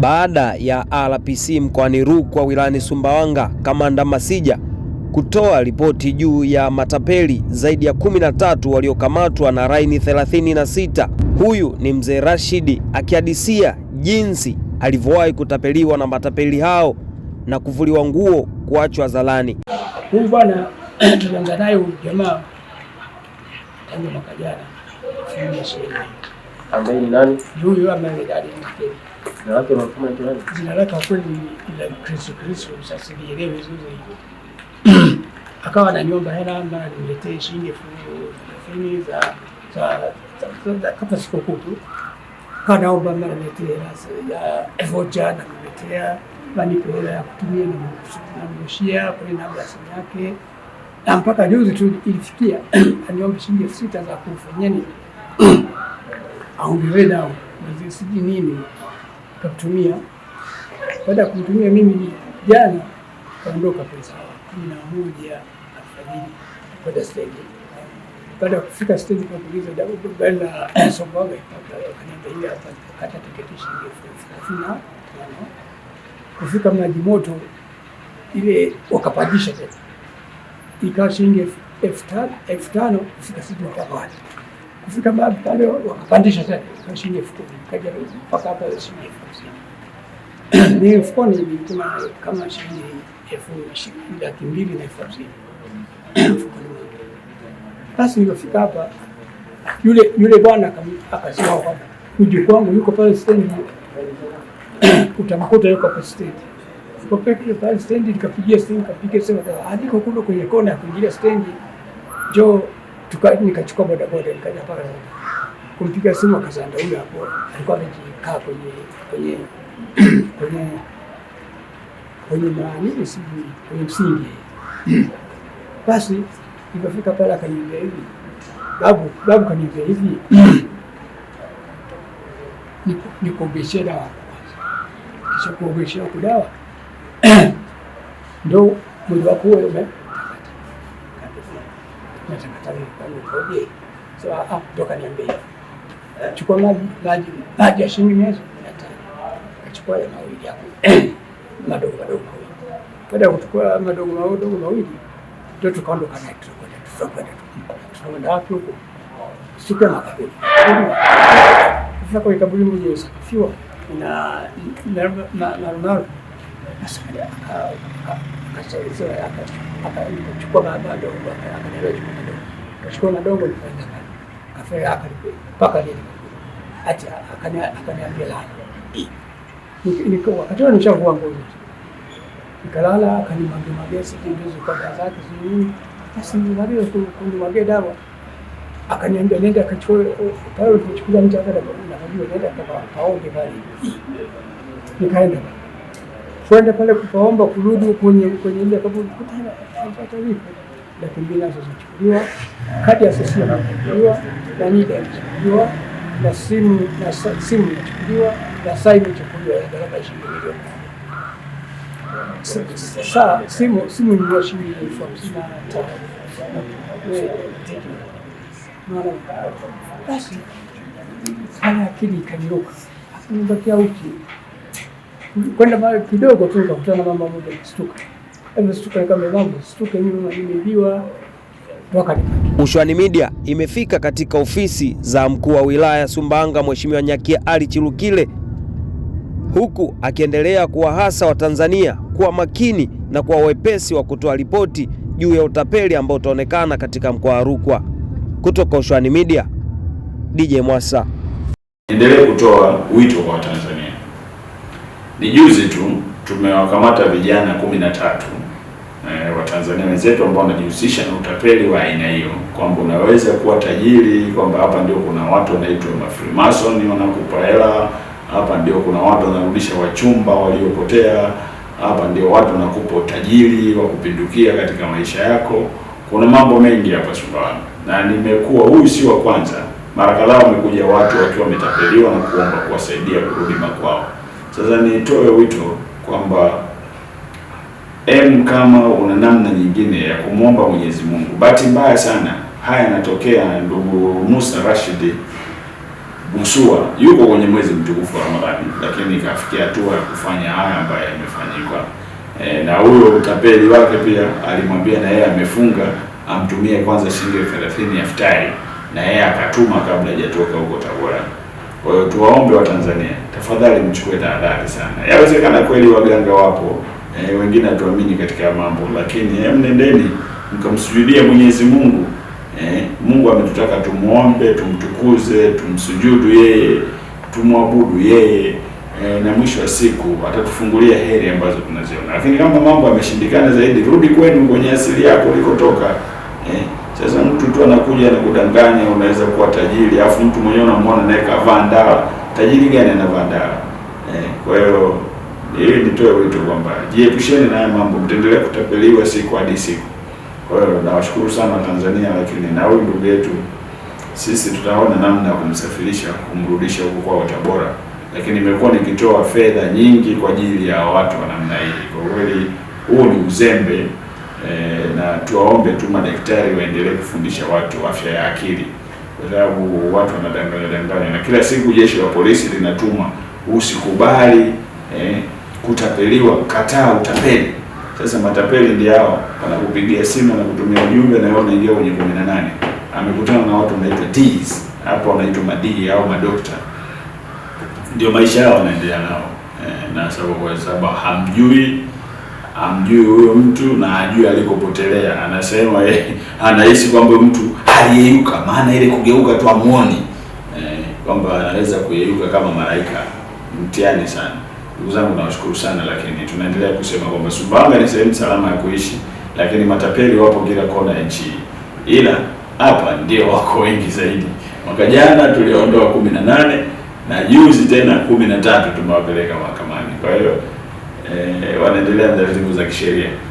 baada ya RPC mkoani Rukwa wilayani Sumbawanga, Kamanda Masija kutoa ripoti juu ya matapeli zaidi ya 13 waliokamatwa na raini 36. Huyu ni mzee Rashidi akihadisia jinsi alivyowahi kutapeliwa na matapeli hao na kuvuliwa nguo kuachwa zalani. Huyu bwana tulianza naye jamaa tangu mwaka jana ambaye ni nani? Huyu ambaye jina lake unamsema ni nani? Jina lake kwa kweli ni Kristo Kristo, sasa sielewi vizuri. Akawa ananiomba hela mara niletee shilingi elfu thelathini za kama sikukuu tu, kanaomba mara niletee hela ya vocha na niletea manipe hela ya kutumia namrushia kwenye namba ya simu yake, na mpaka juzi tu ilifikia aniomba shilingi elfu sita za kufanyia nini au viveda au siji nini, kakutumia. Baada ya kumtumia mimi jana, kaondoka pesa kumi na moja alfajiri kwenda stendi. Baada ya kufika stendi, kakuliza kata tiketi shilingi elfu thelathini na tano kufika maji moto ile wakapandisha tena, ikawa shilingi elfu tano kufika siku wakapata kufika mahali pale wakapandisha tena shilingi elfu kumi kaja mpaka hapa shilingi elfu hamsini ni elfu kumi nilituma kama shilingi elfu laki mbili na elfu hamsini mfukoni mwangu. Basi nilipofika hapa, yule yule bwana akasema kwamba kuji kwangu yuko pale stendi, utamkuta yuko pale stendi kopeke pale stendi. Nikapigia simu, kapiga sema hadi ah, kule kwenye kona ya kuingilia stendi, njoo tuka bodaboda nikaja paka kumpiga simu akazanda, huyo hapo alikuwa amejikaa kwenye kwenye kwenye kwenye maanini sijui kwenye msingi. Basi ikafika pale akaniambia hivi, babu babu kaniambia hivi, nikuogeshe dawa kisha kuogeshe huku dawa ndo mwili wako ume nataka tarehe moja sasa, hapo kutoka niambie, chukua maji maji maji ya shilingi mia tano, kachukua ya mawili hapo madogo madogo Baada ya kuchukua madogo madogo mawili, ndio tukaondoka naye, tunakwenda tunakwenda tunakwenda wapi huko, siku ya makaburi. Kufika kwenye kaburi moja iliyosakafiwa na marumaru, nasema akachukua baba dogo, akachukua na dogo mpaka akaniambia lala. Wakati huo nimeshavua nguo nikalala, akanimwagia magesi kanda zake zinini, basi nimaliza kunimwagia dawa akaniambia nenda akachukua pale tumechukulia mtu akaenda akapaonge pale, nikaenda kwenda pale kukaomba kurudi kwenye kwenye ile kaburi kupata vipi? Lakini bila zichukuliwa, kadi ya sisi inachukuliwa, na nida inachukuliwa, na simu na simu inachukuliwa, na saa inachukuliwa ya gharama ishirini milioni. Saa simu simu ni shilingi elfu hamsini na tano basi, haya akili ikaniruka, akanibakia wiki kwenda mbali kidogo tu nikakutana na mama mmoja kushtuka. Hebu yaani shtuka kama mama shtuka mimi nimeibiwa. Ushwani Media imefika katika ofisi za mkuu wa wilaya Sumbawanga Mheshimiwa Nyakia Ali Chirukile huku akiendelea kuwahasa Watanzania kuwa makini na kuwa wepesi wa kutoa ripoti juu ya utapeli ambao utaonekana katika mkoa wa Rukwa. Kutoka Ushwani Media, DJ Mwasa. Endelee kutoa wito kwa Watanzania ni juzi tu tumewakamata vijana kumi na tatu e, eh, Watanzania wenzetu ambao wanajihusisha na utapeli wa aina hiyo, kwamba unaweza kuwa tajiri, kwamba hapa ndio kuna watu wanaitwa mafrimason wanakupa hela, hapa ndio kuna watu wanarudisha wachumba waliopotea, hapa ndio watu wanakupa utajiri wa kupindukia katika maisha yako. Kuna mambo mengi hapa Sumbawanga, na nimekuwa huyu si wa kwanza, mara kadhaa wamekuja watu wakiwa wametapeliwa na kuomba kuwasaidia kurudi makwao. Sasa nitoe wito kwamba em, kama una namna nyingine ya kumwomba Mwenyezi Mungu. Bahati mbaya sana haya yanatokea. Ndugu Musa Rashid Musua yuko kwenye mwezi mtukufu wa Ramadhani, lakini ikafikia hatua ya kufanya haya ambayo yamefanyika. E, na huyo utapeli wake pia alimwambia na yeye amefunga amtumie kwanza shilingi elfu thelathini ya na yeye akatuma kabla hajatoka huko Tabora. Kwa hiyo tuwaombe Watanzania tafadhali, mchukue tahadhari sana. Yawezekana kweli waganga wapo e, wengine hatuamini katika mambo, lakini eh, mnendeni mkamsujudia Mwenyezi Mungu. E, Mungu ametutaka tumuombe, tumtukuze, tumsujudu yeye, tumwabudu yeye e, na mwisho wa siku atatufungulia heri ambazo tunaziona. Lakini kama mambo yameshindikana zaidi, rudi kwenu kwenye asili yako ulikotoka. Sasa mtu tu anakuja kudanganya, unaweza kuwa tajiri afu mtu mwenyewe unamwona naye kavaa ndala. Tajiri gani anavaa ndala? Eh, kwa hiyo ili nitoe wito kwamba jiepusheni na haya mambo, mtaendelea kutapeliwa siku hadi siku. Kwa hiyo nawashukuru sana Tanzania, lakini na huyu ndugu yetu sisi tutaona namna ya kumsafirisha kumrudisha huko kwao Tabora, lakini imekuwa nikitoa fedha nyingi kwa ajili ya watu wa namna hii. Kwa kweli huu ni uzembe e, na tuwaombe tu madaktari waendelee kufundisha watu afya ya akili, kwa sababu watu wanadanganya danganya, na kila siku jeshi la polisi linatumwa, usikubali e, kutapeliwa, kataa utapeli. Sasa matapeli ndio hao wanakupigia simu na kutumia ujumbe na wao wanaingia kwenye 18. Amekutana na watu wanaitwa D's, hapo wanaitwa madii au madokta. Ndio maisha yao wanaendelea nao. Eh, na sababu kwa sababu hamjui amjui huyo mtu na ajue alikopotelea. Anasema eh, anahisi kwamba mtu aliyeyuka, maana ile kugeuka tu amuoni eh, kwamba anaweza kuyeyuka kama malaika. Mtihani sana ndugu zangu, nawashukuru sana, lakini tunaendelea kusema kwamba Sumbawanga ni sehemu salama ya kuishi, lakini matapeli wapo kila kona ya nchi, ila hapa ndio wako wengi zaidi. Mwaka jana tuliondoa kumi na nane na juzi tena kumi na tatu tumewapeleka mahakamani, kwa hiyo eh, wanaendelea na taratibu za kisheria.